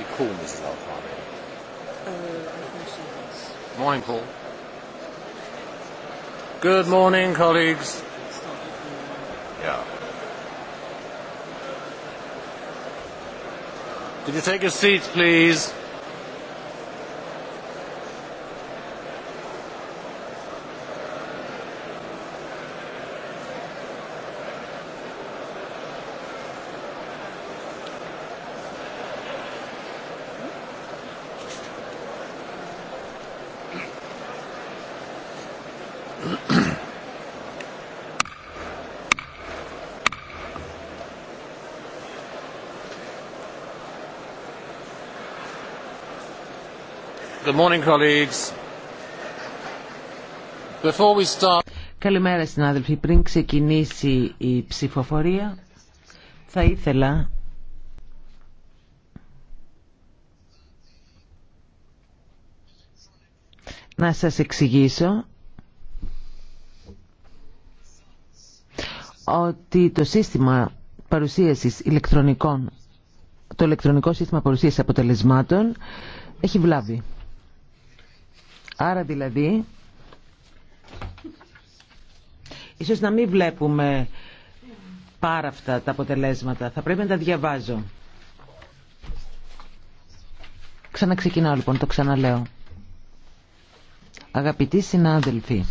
actually call Mrs. Alfano? Morning, Paul. Good morning, colleagues. Yeah. Could you take your seats, please? Καλημέρα συνάδελφοι. Πριν ξεκινήσει η ψηφοφορία θα ήθελα να σας εξηγήσω ότι το σύστημα παρουσίασης ηλεκτρονικών το ηλεκτρονικό σύστημα παρουσίασης αποτελεσμάτων έχει βλάβει. Άρα δηλαδή, ίσως να μην βλέπουμε πάρα αυτά τα αποτελέσματα. Θα πρέπει να τα διαβάζω. Ξαναξεκινάω λοιπόν, το ξαναλέω. Αγαπητοί συνάδελφοι,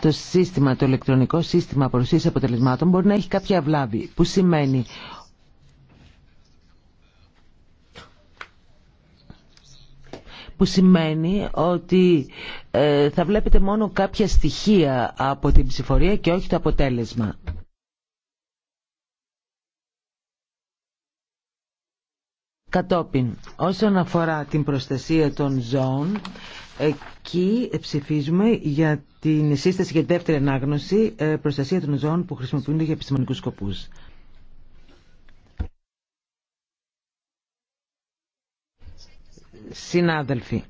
το σύστημα, το ηλεκτρονικό σύστημα παρουσίαση αποτελεσμάτων μπορεί να έχει κάποια βλάβη, που σημαίνει που σημαίνει ότι ε, θα βλέπετε μόνο κάποια στοιχεία από την ψηφορία και όχι το αποτέλεσμα. Κατόπιν, όσον αφορά την προστασία των ζώων, εκεί ψηφίζουμε για την σύσταση και τη δεύτερη ανάγνωση ε, προστασία των ζώων που χρησιμοποιούνται για επιστημονικούς σκοπούς. Συνάδελφοι,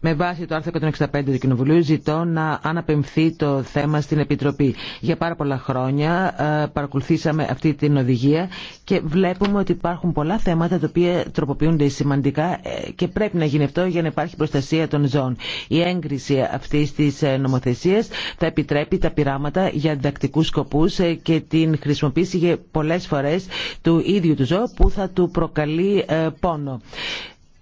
με βάση το άρθρο 165 του Κοινοβουλίου ζητώ να αναπεμφθεί το θέμα στην Επιτροπή. Για πάρα πολλά χρόνια ε, παρακολουθήσαμε αυτή την οδηγία και βλέπουμε ότι υπάρχουν πολλά θέματα τα οποία τροποποιούνται σημαντικά ε, και πρέπει να γίνει αυτό για να υπάρχει προστασία των ζώων. Η έγκριση αυτή τη ε, νομοθεσία θα επιτρέπει τα πειράματα για διδακτικού σκοπού και την χρησιμοποίηση πολλέ φορέ του ίδιου του ζώου που θα του προκαλεί πόνο.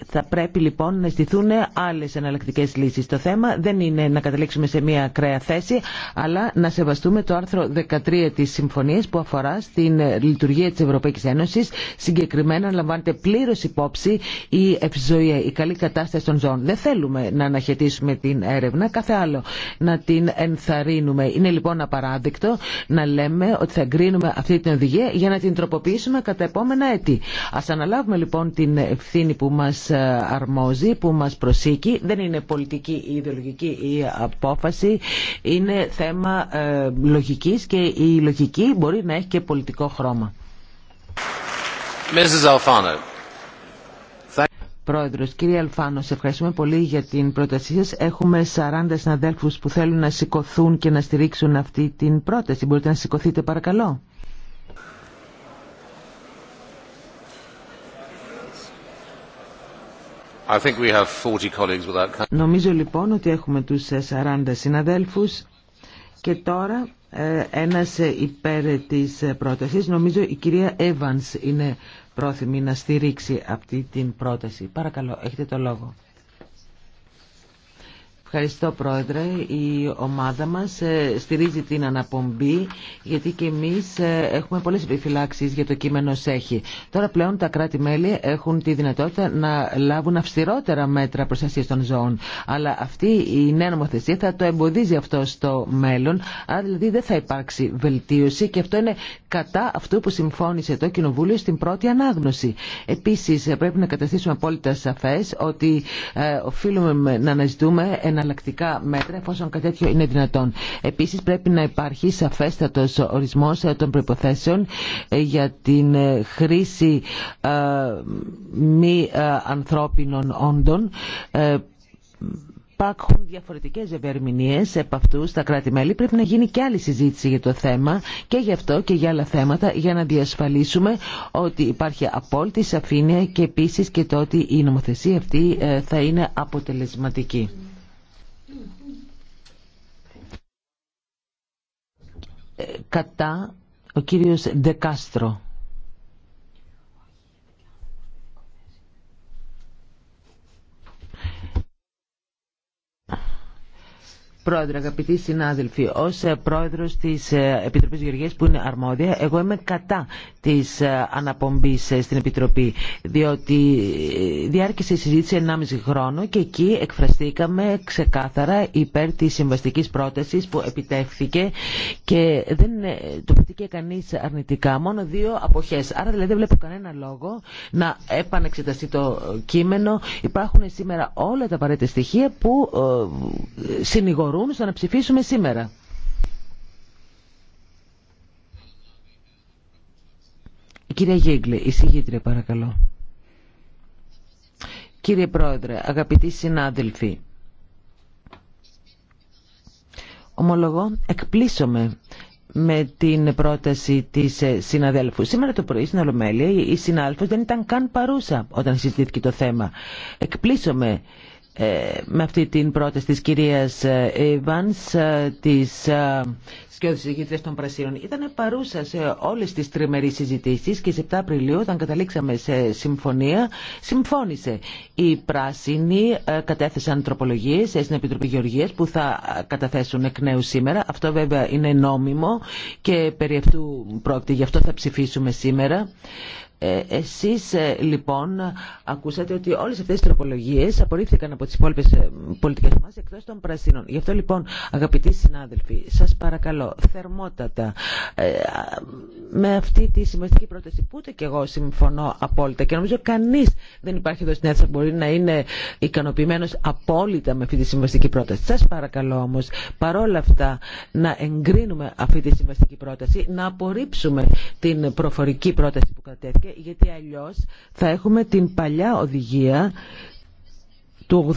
Θα πρέπει λοιπόν να στηθούν άλλε εναλλακτικέ λύσει. Το θέμα δεν είναι να καταλήξουμε σε μια ακραία θέση, αλλά να σεβαστούμε το άρθρο 13 τη Συμφωνία που αφορά στην λειτουργία τη Ευρωπαϊκή Ένωση. Συγκεκριμένα λαμβάνεται πλήρω υπόψη η ευζοία, η καλή κατάσταση των ζώων. Δεν θέλουμε να αναχαιτήσουμε την έρευνα, κάθε άλλο να την ενθαρρύνουμε. Είναι λοιπόν απαράδεκτο να λέμε ότι θα εγκρίνουμε αυτή την οδηγία για να την τροποποιήσουμε κατά επόμενα έτη. Α αναλάβουμε λοιπόν την ευθύνη που μα. Ε, αρμόζει, που μας προσήκει. Δεν είναι πολιτική ή ιδεολογική η απόφαση, είναι θέμα ε, λογικής και η λογική μπορεί να έχει και πολιτικό χρώμα. Mrs. Πρόεδρος, κύριε Αλφάνο, σε ευχαριστούμε πολύ για την πρότασή σας. Έχουμε 40 συναδέλφους που θέλουν να σηκωθούν και να στηρίξουν αυτή την πρόταση. Μπορείτε να σηκωθείτε παρακαλώ. Νομίζω λοιπόν ότι έχουμε τους 40 ε, συναδέλφους και τώρα ε, ένας ε, υπέρ της πρότασης. Νομίζω η κυρία Evans είναι πρόθυμη να στηρίξει αυτή την πρόταση. Παρακαλώ, έχετε το λόγο. Ευχαριστώ Πρόεδρε. Η ομάδα μας ε, στηρίζει την αναπομπή γιατί και εμείς ε, έχουμε πολλές επιφυλάξεις για το κείμενο ΣΕΧΗ. Τώρα πλέον τα κράτη-μέλη έχουν τη δυνατότητα να λάβουν αυστηρότερα μέτρα προστασίας των ζώων. Αλλά αυτή η νέα νομοθεσία θα το εμποδίζει αυτό στο μέλλον. Άρα δηλαδή δεν θα υπάρξει βελτίωση και αυτό είναι κατά αυτού που συμφώνησε το Κοινοβούλιο στην πρώτη ανάγνωση. Επίσης ε, πρέπει να καταστήσουμε απόλυτα σαφές ότι οφείλουμε να αναζητούμε ένα εναλλακτικά μέτρα εφόσον κάτι τέτοιο είναι δυνατόν. Επίση πρέπει να υπάρχει σαφέστατο ορισμό των προποθέσεων ε, για την ε, χρήση ε, μη ανθρώπινων όντων Υπάρχουν διαφορετικέ ευερμηνίε από αυτού στα κράτη-μέλη. Πρέπει να γίνει και άλλη συζήτηση για το θέμα και γι' αυτό και για άλλα θέματα για να διασφαλίσουμε ότι υπάρχει απόλυτη σαφήνεια και επίση και το ότι η νομοθεσία αυτή θα είναι αποτελεσματική. Ε, κατά ο κύριος Δεκάστρο. Πρόεδρε, αγαπητοί συνάδελφοι, ω ε, πρόεδρο τη ε, Επιτροπή Γεωργία που είναι αρμόδια, εγώ είμαι κατά τη ε, αναπομπή στην Επιτροπή. Διότι διάρκεισε η συζήτηση 1,5 χρόνο και εκεί εκφραστήκαμε ξεκάθαρα υπέρ τη συμβαστική πρόταση που επιτεύχθηκε και δεν τοποθετήκε κανεί αρνητικά. Μόνο δύο αποχέ. Άρα δηλαδή δεν βλέπω κανένα λόγο να επανεξεταστεί το κείμενο. Υπάρχουν σήμερα όλα τα απαραίτητα στοιχεία που συνηγορούν μπορούν στο να ψηφίσουμε σήμερα. Η κυρία Γίγκλη, η παρακαλώ. Κύριε Πρόεδρε, αγαπητοί συνάδελφοι, ομολογώ εκπλήσωμε με την πρόταση της ε, συναδέλφου. Σήμερα το πρωί στην Ολομέλεια η συνάδελφος δεν ήταν καν παρούσα όταν συζητήθηκε το θέμα. Εκπλήσωμε ε, με αυτή την πρόταση της κυρίας Ιβάνς ε, ε, της σκιώδης των Πρασίνων ήταν παρούσα σε όλες τις τριμερείς συζητήσεις και σε 7 Απριλίου όταν καταλήξαμε σε συμφωνία συμφώνησε. Οι Πράσινοι κατέθεσαν τροπολογίες στην Επιτροπή Γεωργίας που θα καταθέσουν εκ νέου σήμερα. Αυτό βέβαια είναι νόμιμο και περί αυτού πρόκειται. Γι' αυτό θα ψηφίσουμε σήμερα. Ε, εσείς ε, λοιπόν ακούσατε ότι όλες αυτές οι τροπολογίες απορρίφθηκαν από τις υπόλοιπες ε, πολιτικές μας εκτός των πρασίνων. Γι' αυτό λοιπόν αγαπητοί συνάδελφοι σας παρακαλώ θερμότατα με αυτή τη συμβαστική πρόταση που ούτε και εγώ συμφωνώ απόλυτα και νομίζω κανείς δεν υπάρχει εδώ στην που μπορεί να είναι ικανοποιημένος απόλυτα με αυτή τη συμβαστική πρόταση. Σας παρακαλώ όμως παρόλα αυτά να εγκρίνουμε αυτή τη συμβαστική πρόταση, να απορρίψουμε την προφορική πρόταση που κατέθηκε γιατί αλλιώς θα έχουμε την παλιά οδηγία του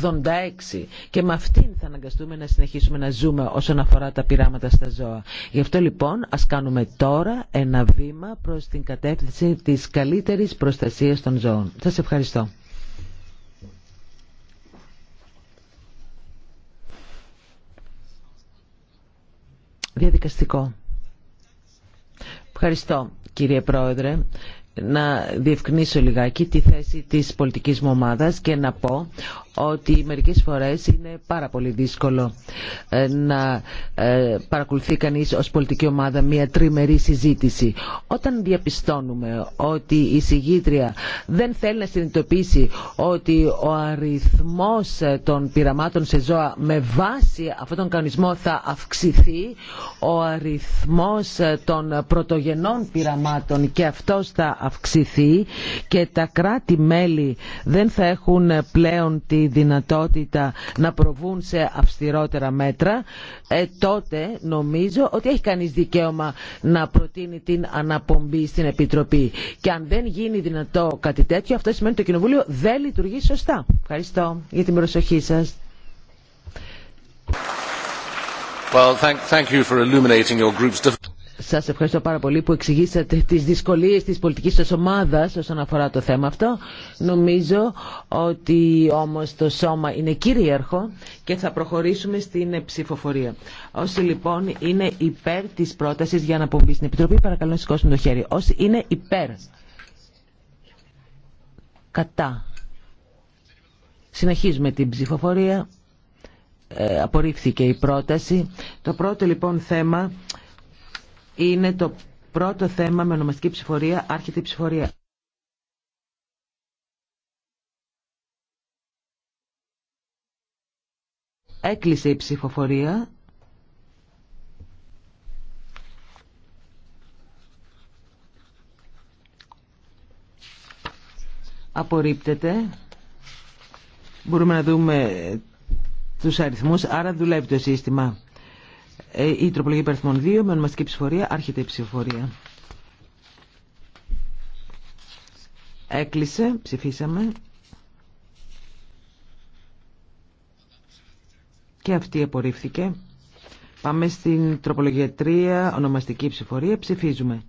86 και με αυτήν θα αναγκαστούμε να συνεχίσουμε να ζούμε όσον αφορά τα πειράματα στα ζώα. Γι' αυτό λοιπόν ας κάνουμε τώρα ένα βήμα προς την κατεύθυνση της καλύτερης προστασίας των ζώων. Σας ευχαριστώ. Διαδικαστικό. Ευχαριστώ κύριε Πρόεδρε να διευκνήσω λιγάκι τη θέση της πολιτικής μου ομάδας και να πω ότι μερικές φορές είναι πάρα πολύ δύσκολο ε, να ε, παρακολουθεί κανείς ως πολιτική ομάδα μια τριμερή συζήτηση. Όταν διαπιστώνουμε ότι η συγγήτρια δεν θέλει να συνειδητοποιήσει ότι ο αριθμός ε, των πειραμάτων σε ζώα με βάση αυτόν τον κανονισμό θα αυξηθεί, ο αριθμός των πρωτογενών πειραμάτων και αυτός θα αυξηθεί και τα κράτη-μέλη δεν θα έχουν πλέον τη δυνατότητα να προβούν σε αυστηρότερα μέτρα, ε, τότε νομίζω ότι έχει κανείς δικαίωμα να προτείνει την αναπομπή στην Επιτροπή. Και αν δεν γίνει δυνατό κάτι τέτοιο, αυτό σημαίνει ότι το Κοινοβούλιο δεν λειτουργεί σωστά. Ευχαριστώ για την προσοχή σας. Well, thank, thank you for illuminating your group's... Σας ευχαριστώ πάρα πολύ που εξηγήσατε τις δυσκολίες της πολιτικής σας ομάδας όσον αφορά το θέμα αυτό. Νομίζω ότι όμως το σώμα είναι κυρίαρχο και θα προχωρήσουμε στην ψηφοφορία. Όσοι λοιπόν είναι υπέρ της πρότασης για να πούμε στην Επιτροπή, παρακαλώ να σηκώσουν το χέρι. Όσοι είναι υπέρ. Κατά. Συνεχίζουμε την ψηφοφορία. Ε, απορρίφθηκε η πρόταση. Το πρώτο λοιπόν θέμα είναι το πρώτο θέμα με ονομαστική ψηφορία, άρχεται η ψηφορία. Έκλεισε η ψηφοφορία. Απορρίπτεται. Μπορούμε να δούμε τους αριθμούς, άρα δουλεύει το σύστημα. Ε, η τροπολογία υπερθμών 2 με ονομαστική ψηφορία άρχεται η ψηφοφορία. Έκλεισε, ψηφίσαμε. Και αυτή απορρίφθηκε. Πάμε στην τροπολογία 3, ονομαστική ψηφορία, ψηφίζουμε.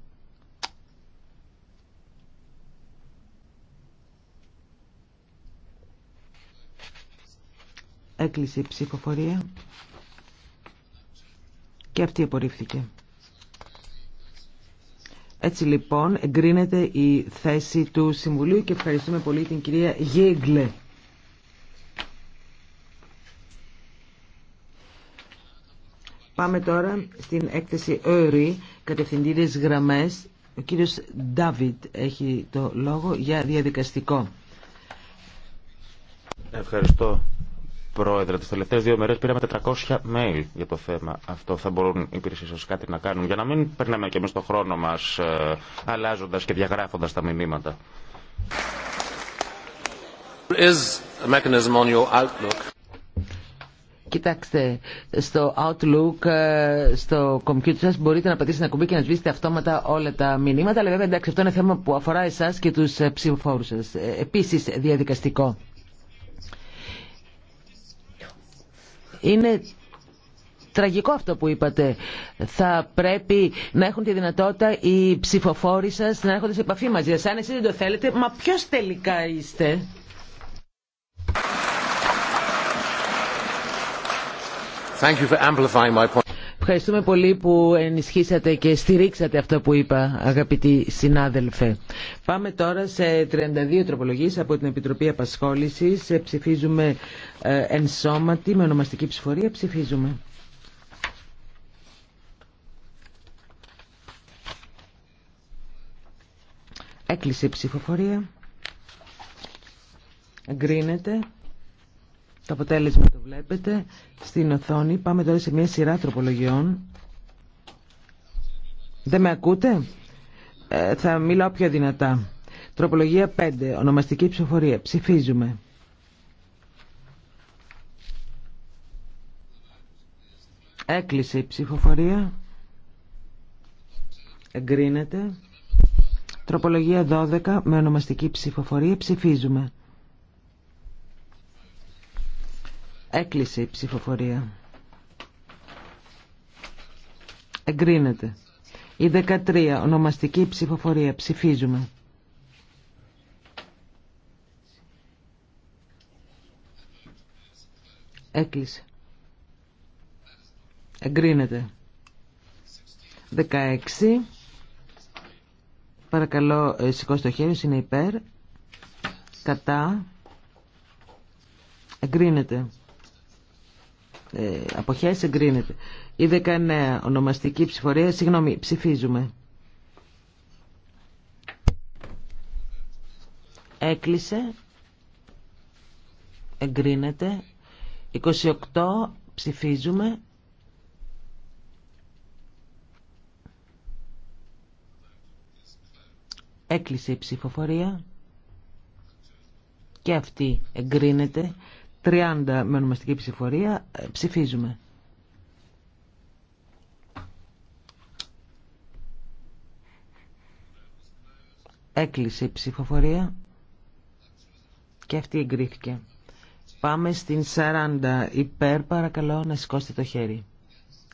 Έκλεισε η ψηφοφορία και αυτή απορρίφθηκε. Έτσι λοιπόν εγκρίνεται η θέση του Συμβουλίου και ευχαριστούμε πολύ την κυρία Γίγκλε. Πάμε τώρα στην έκθεση ΕΡΙ, κατευθυντήριες γραμμές. Ο κύριος Ντάβιτ έχει το λόγο για διαδικαστικό. Ευχαριστώ Πρόεδρε, Τι τελευταίε δύο μέρε πήραμε 400 mail για το θέμα αυτό. Θα μπορούν οι υπηρεσίε σα κάτι να κάνουν για να μην περνάμε και εμεί το χρόνο μα ε, και διαγράφοντα τα μηνύματα. Κοιτάξτε, στο Outlook, ε, στο computer σας μπορείτε να πατήσετε ένα κουμπί και να σβήσετε αυτόματα όλα τα μηνύματα, αλλά βέβαια εντάξει αυτό είναι θέμα που αφορά εσάς και τους ε, ψηφοφόρους σας. Ε, επίσης διαδικαστικό. Είναι τραγικό αυτό που είπατε. Θα πρέπει να έχουν τη δυνατότητα οι ψηφοφόροι σα να έρχονται σε επαφή μαζί σας. Αν εσεί δεν το θέλετε, μα ποιο τελικά είστε. Thank you for amplifying my Ευχαριστούμε πολύ που ενισχύσατε και στηρίξατε αυτό που είπα, αγαπητοί συνάδελφε. Πάμε τώρα σε 32 τροπολογίες από την Επιτροπή Απασχόλησης. Ε, ψηφίζουμε ε, ενσώματη, με ονομαστική ψηφορία ψηφίζουμε. Έκλεισε η ψηφοφορία. Εγκρίνεται. Το αποτέλεσμα το βλέπετε στην οθόνη. Πάμε τώρα σε μια σειρά τροπολογιών. Δεν με ακούτε? Ε, θα μιλάω πιο δυνατά. Τροπολογία 5. Ονομαστική ψηφοφορία. Ψηφίζουμε. Έκλεισε η ψηφοφορία. Εγκρίνεται. Τροπολογία 12. Με ονομαστική ψηφοφορία. Ψηφίζουμε. Έκλεισε η ψηφοφορία. Εγκρίνεται. Η 13. Ονομαστική ψηφοφορία. Ψηφίζουμε. Έκλεισε. Εγκρίνεται. 16. Παρακαλώ ε, σηκώστε το χέρι Είναι υπέρ. Κατά. Εγκρίνεται ε, αποχές εγκρίνεται. Η 19 ονομαστική ψηφορία, συγγνώμη, ψηφίζουμε. Έκλεισε. Εγκρίνεται. 28 ψηφίζουμε. Έκλεισε η ψηφοφορία. Και αυτή εγκρίνεται. 30 με ονομαστική ψηφορία. Ε, ψηφίζουμε. Έκλεισε η ψηφοφορία και αυτή εγκρίθηκε. Πάμε στην 40. Υπέρ παρακαλώ να σηκώσετε το χέρι.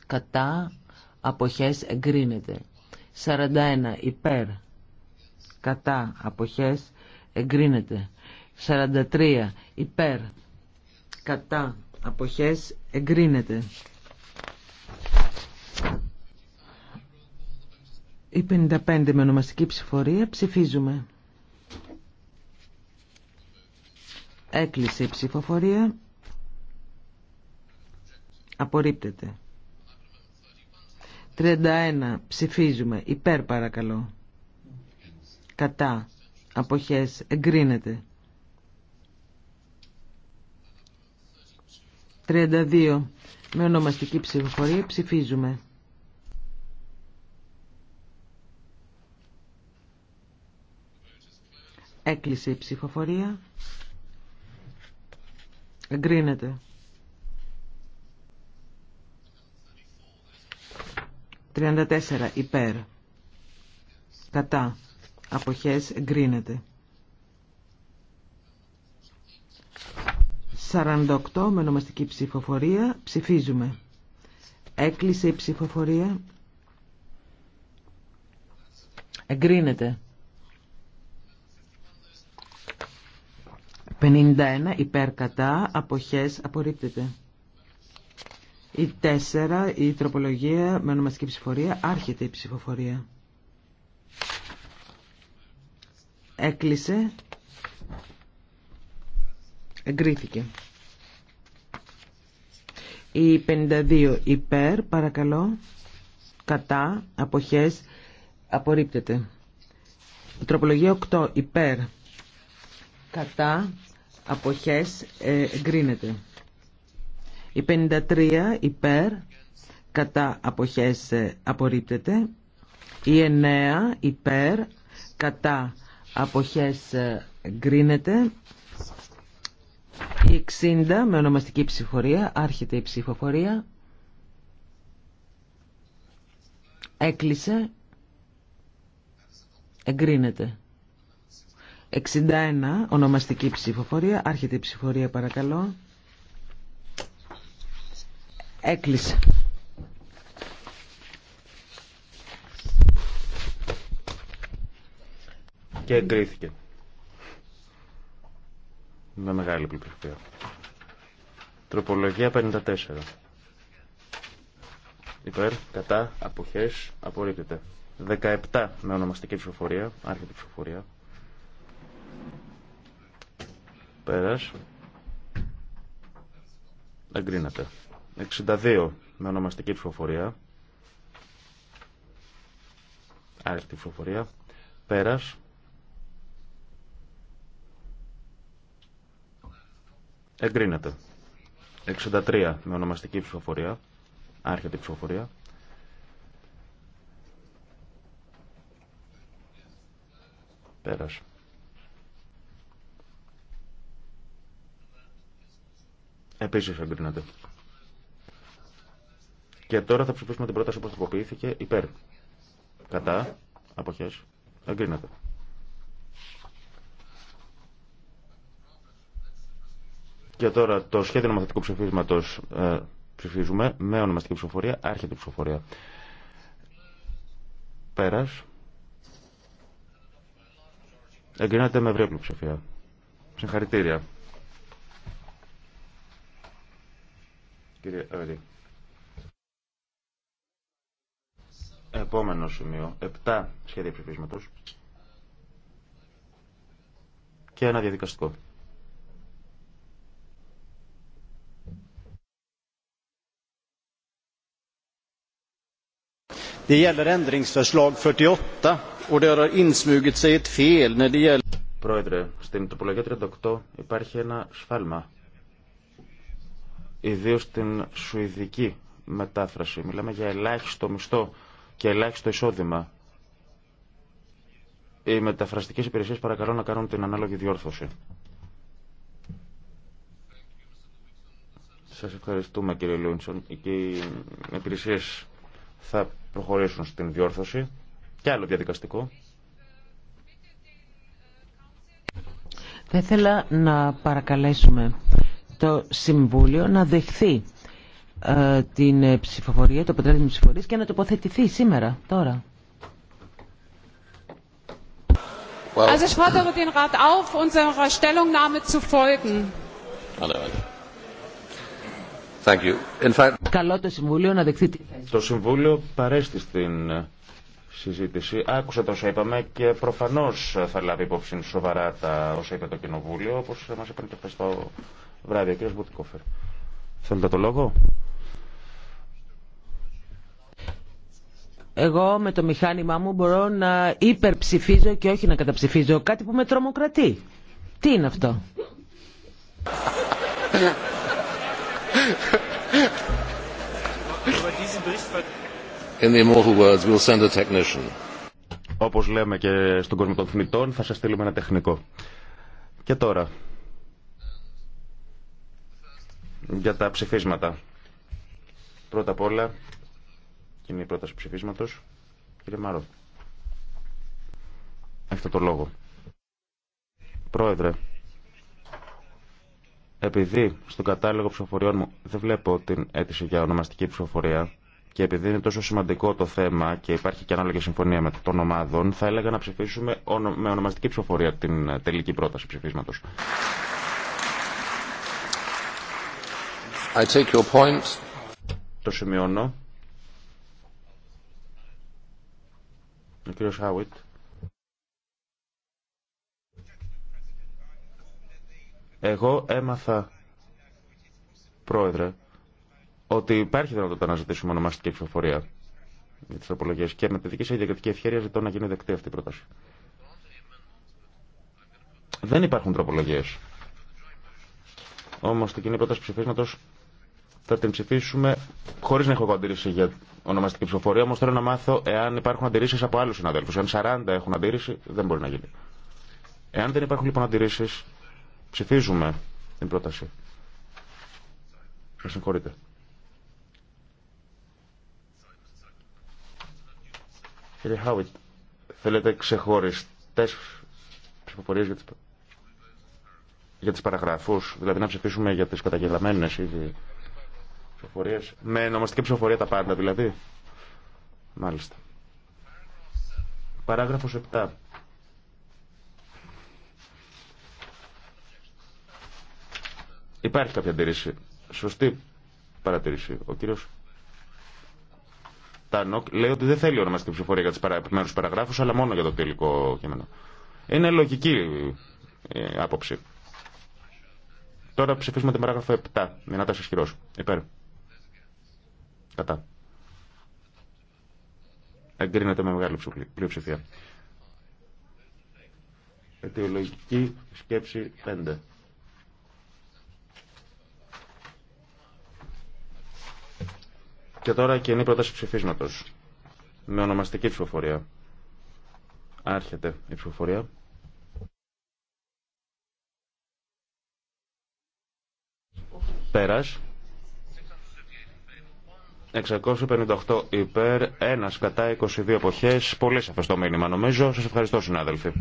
Κατά αποχές εγκρίνεται. 41. Υπέρ. Κατά αποχές εγκρίνεται. 43. Υπέρ κατά αποχές εγκρίνεται. Η 55 με ονομαστική ψηφορία ψηφίζουμε. Έκλεισε η ψηφοφορία. Απορρίπτεται. 31. Ψηφίζουμε. Υπέρ παρακαλώ. Κατά. Αποχές. Εγκρίνεται. 32. Με ονομαστική ψηφοφορία ψηφίζουμε. Έκλεισε η ψηφοφορία. Εγκρίνεται. 34. Υπέρ. Κατά. Αποχές εγκρίνεται. 48 με ονομαστική ψηφοφορία. Ψηφίζουμε. Έκλεισε η ψηφοφορία. Εγκρίνεται. 51 υπέρ κατά αποχές απορρίπτεται. Η 4 η τροπολογία με ονομαστική ψηφοφορία άρχεται η ψηφοφορία. Έκλεισε. Εγκρίθηκε. Η 52 υπέρ, παρακαλώ, κατά, αποχές, απορρίπτεται. Η τροπολογία 8 υπέρ, κατά, αποχές, ε, εγκρίνεται. Η 53 υπέρ, κατά, αποχές, ε, απορρίπτεται. Η 9 υπέρ, κατά, αποχές, ε, εγκρίνεται. 60 με ονομαστική ψηφορία. Άρχεται η ψηφοφορία. Έκλεισε. Εγκρίνεται. 61 ονομαστική ψηφοφορία. Άρχεται η ψηφορία παρακαλώ. Έκλεισε. Και εγκρίθηκε με μεγάλη πλειοψηφία. Τροπολογία 54. Υπέρ, κατά, αποχές, απορρίπτεται. 17 με ονομαστική ψηφοφορία, άρχιτη ψηφοφορία. Πέρας. Εγκρίνεται. 62 με ονομαστική ψηφοφορία. Άρχιτη ψηφοφορία. Πέρας. Εγκρίνεται. 63 με ονομαστική ψηφοφορία. Άρχεται η ψηφοφορία. Πέρασε. Επίσης εγκρίνεται. Και τώρα θα ψηφίσουμε την πρόταση που τροποποιήθηκε υπέρ. Κατά. Αποχές. Εγκρίνεται. Και τώρα το σχέδιο νομοθετικού ψηφίσματο ε, ψηφίζουμε με ονομαστική ψηφοφορία, άρχεται ψηφοφορία. Πέρα. Εγκρίνεται με ευρία ψηφία. Συγχαρητήρια. Κύριε Αβελή. Επόμενο σημείο. Επτά σχέδια ψηφίσματο. Και ένα διαδικαστικό. Det gäller ändringsförslag 48 och det har insmugit sig ett fel när det gäller... Πρόεδρε, στην τοπολογία 38 υπάρχει ένα σφάλμα. Ιδίω στην σουηδική μετάφραση. Μιλάμε για ελάχιστο μισθό και ελάχιστο εισόδημα. Οι μεταφραστικέ υπηρεσίε παρακαλώ να κάνουν την ανάλογη διόρθωση. Σα ευχαριστούμε κύριε Λούινσον. Οι υπηρεσίε θα προχωρήσουν στην διόρθωση. Και άλλο διαδικαστικό. Θα ήθελα να παρακαλέσουμε το Συμβούλιο να δεχθεί ε, την ψηφοφορία, το πετρέλαιο της ψηφοφορίας και να τοποθετηθεί σήμερα, τώρα. Also ich den Rat auf, unserer Stellungnahme zu folgen. Thank you. In fact... Καλό το Συμβούλιο να δεχθεί τη θέση. Το Συμβούλιο παρέστη στην συζήτηση. Άκουσα το όσα είπαμε και προφανώ θα λάβει υπόψη σοβαρά τα όσα είπε το Κοινοβούλιο, όπω μα είπαν και χθε το βράδυ ο κ. Μπουτικόφερ. Θέλετε το λόγο. Εγώ με το μηχάνημά μου μπορώ να υπερψηφίζω και όχι να καταψηφίζω κάτι που με τρομοκρατεί. Τι είναι αυτό. In the immortal words, we'll send a technician. Όπως λέμε και στον κόσμο των θνητών, θα σας στείλουμε ένα τεχνικό. Και τώρα, για τα ψηφίσματα. Πρώτα απ' όλα, κοινή η πρόταση ψηφίσματος. Κύριε Μάρο, έχετε το λόγο. Πρόεδρε, επειδή στον κατάλογο ψηφοφοριών μου δεν βλέπω την αίτηση για ονομαστική ψηφοφορία, και επειδή είναι τόσο σημαντικό το θέμα και υπάρχει και ανάλογη συμφωνία με των ομάδων, θα έλεγα να ψηφίσουμε με ονομαστική ψηφοφορία την ε, τελική πρόταση ψηφίσματο. Το σημειώνω. Ο κύριο Χάουιτ. Εγώ έμαθα, πρόεδρε, ότι υπάρχει δυνατότητα να ζητήσουμε ονομαστική ψηφοφορία για τι τροπολογίε και με τη δική σα διακριτική ευχαίρεια ζητώ να γίνει δεκτή αυτή η πρόταση. Δεν υπάρχουν τροπολογίε. Όμω την κοινή πρόταση ψηφίσματο θα την ψηφίσουμε χωρί να έχω αντίρρηση για ονομαστική ψηφοφορία. Όμω θέλω να μάθω εάν υπάρχουν αντιρρήσει από άλλου συναδέλφου. Αν 40 έχουν αντίρρηση, δεν μπορεί να γίνει. Εάν δεν υπάρχουν λοιπόν αντιρρήσει, ψηφίζουμε την πρόταση. Με συγχωρείτε. Κύριε Χάουιτ, θέλετε ξεχωριστές ψηφοφορίες για τις, για παραγραφούς, δηλαδή να ψηφίσουμε για τις καταγελαμένες ήδη ψηφοφορίες. Με νομαστική ψηφοφορία τα πάντα δηλαδή. Μάλιστα. Παράγραφος 7. Υπάρχει κάποια αντίρρηση. Σωστή παρατήρηση. Ο κύριος λέει ότι δεν θέλει ονομαστική ψηφοφορία για τι επιμέρου παραγράφου, αλλά μόνο για το τελικό κείμενο. Είναι λογική ε, άποψη. Τώρα ψηφίσουμε την παράγραφο 7. τα ισχυρό. Υπέρ. Κατά. Εγκρίνεται με μεγάλη πλειοψηφία. Αιτιολογική σκέψη 5. Και τώρα κοινή πρόταση ψηφίσματο. Με ονομαστική ψηφοφορία. Άρχεται η ψηφοφορία. Πέρας. 658 υπέρ, 1 κατά 22 εποχές. Πολύ σαφές το μήνυμα νομίζω. Σας ευχαριστώ συνάδελφοι.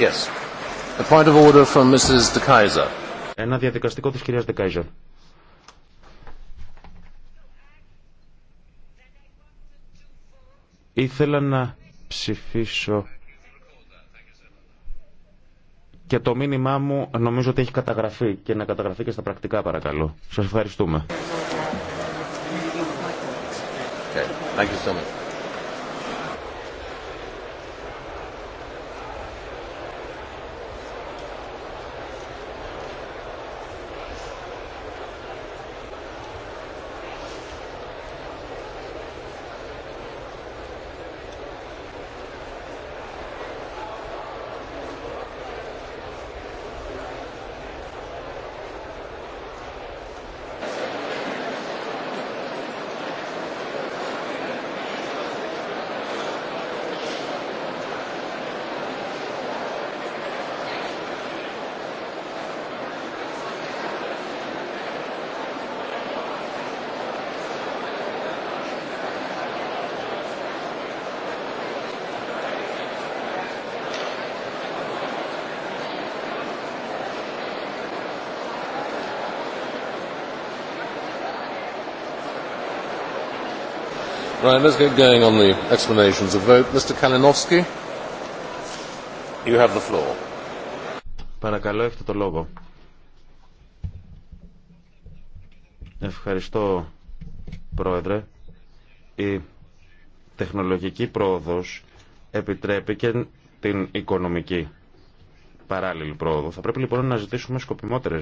Yes. Ένα διαδικαστικό της κυρίας Ντεκάιζερ. Ήθελα να ψηφίσω και το μήνυμά μου νομίζω ότι έχει καταγραφεί και να καταγραφεί και στα πρακτικά παρακαλώ. Σας ευχαριστούμε. Okay. Thank you so much. Right, Παρακαλώ, έχετε το λόγο. Ευχαριστώ, Πρόεδρε. Η τεχνολογική πρόοδος επιτρέπει και την οικονομική παράλληλη πρόοδο. Θα πρέπει λοιπόν να ζητήσουμε σκοπιμότερε